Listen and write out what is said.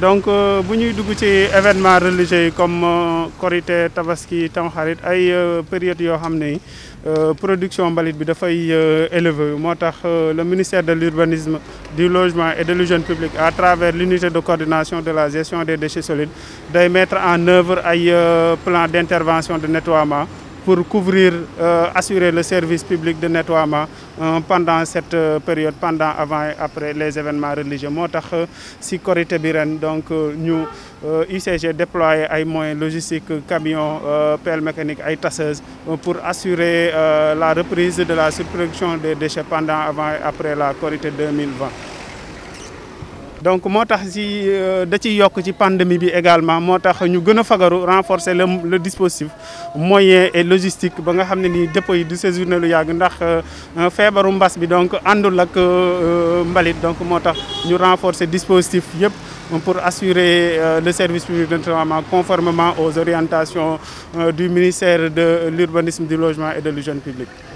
donc euh, bu ñuy dugg ci événement religieux yi comme euh, korité tabaski tamxarit ay euh, période yoo xam ne production mbalit bi dafay élevé moo tax le ministère de l'urbanisme du logement et de l'hygiène publique à travers l'unité de coordination de la gestion des déchets solides day mettre en œuvre ay plan d'intervention de nettoiement pour couvrir assurer le service public de nettoiement Euh, pendant cette euh, période pendant avant et après les événements religieux moo tax euh, si Korité bi ren donc ñu UCG déployé ay moyens logistiques camions pelle mécanique ay tasseuses pour assurer la reprise de la surproduction des déchets pendant avant et après la Korité 2020 donc moo tax si euh, da ciy yokk ci pandemi bi également moo tax ñu gën a fagaru renforcer le le dispositif moyen et logistique ba nga xam ne ni dépôt yi du séjourné lu yàgg ndax euh, euh, feebaru mbas bi donc àndul ak mbalit donc moo tax ñu renforcer dispositif yëpp pour assurer le service public de nettoiement conformément aux orientations du ministère de l'urbanisme du logement et de l'hygiène publique